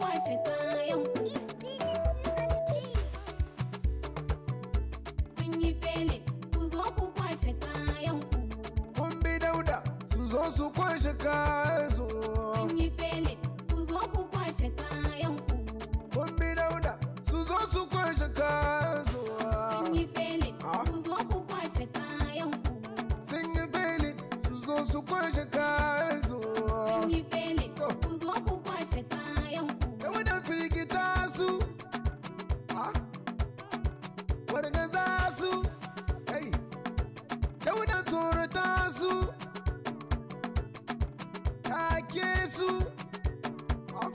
kwashe kayan ku. Sun yi fele, ku zo ku kwashe kayan ku. Kun bi kayan fele, kayan ku. kayan fele, ah. kayan ku. fele, su oh,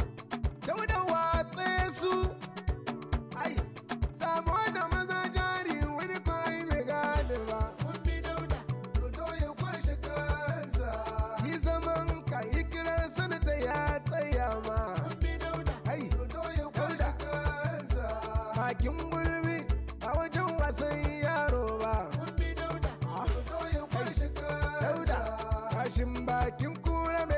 dauda watse su ai samo da maza jari wani kwai mai gadi ba to ya kwashe kansa yi zaman ka yi kiran sanata ya tsaya ma ai dauda hakin gulbi a wajen wasan yaro ba ah, dauda kashin bakin kura mai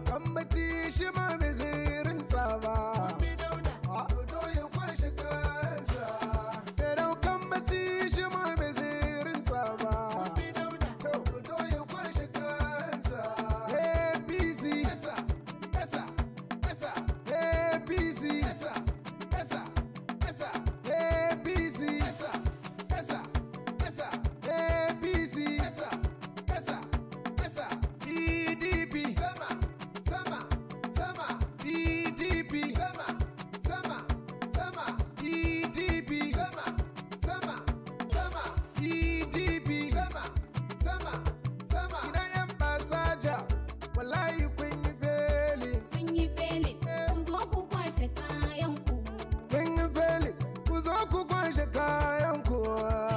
come back sama sama idan yan basaja wallahi kun yi feli kun yi feli eh. ku zo ku kwashe kayan ku kun yi feli ku zo ku kwashe kayan ku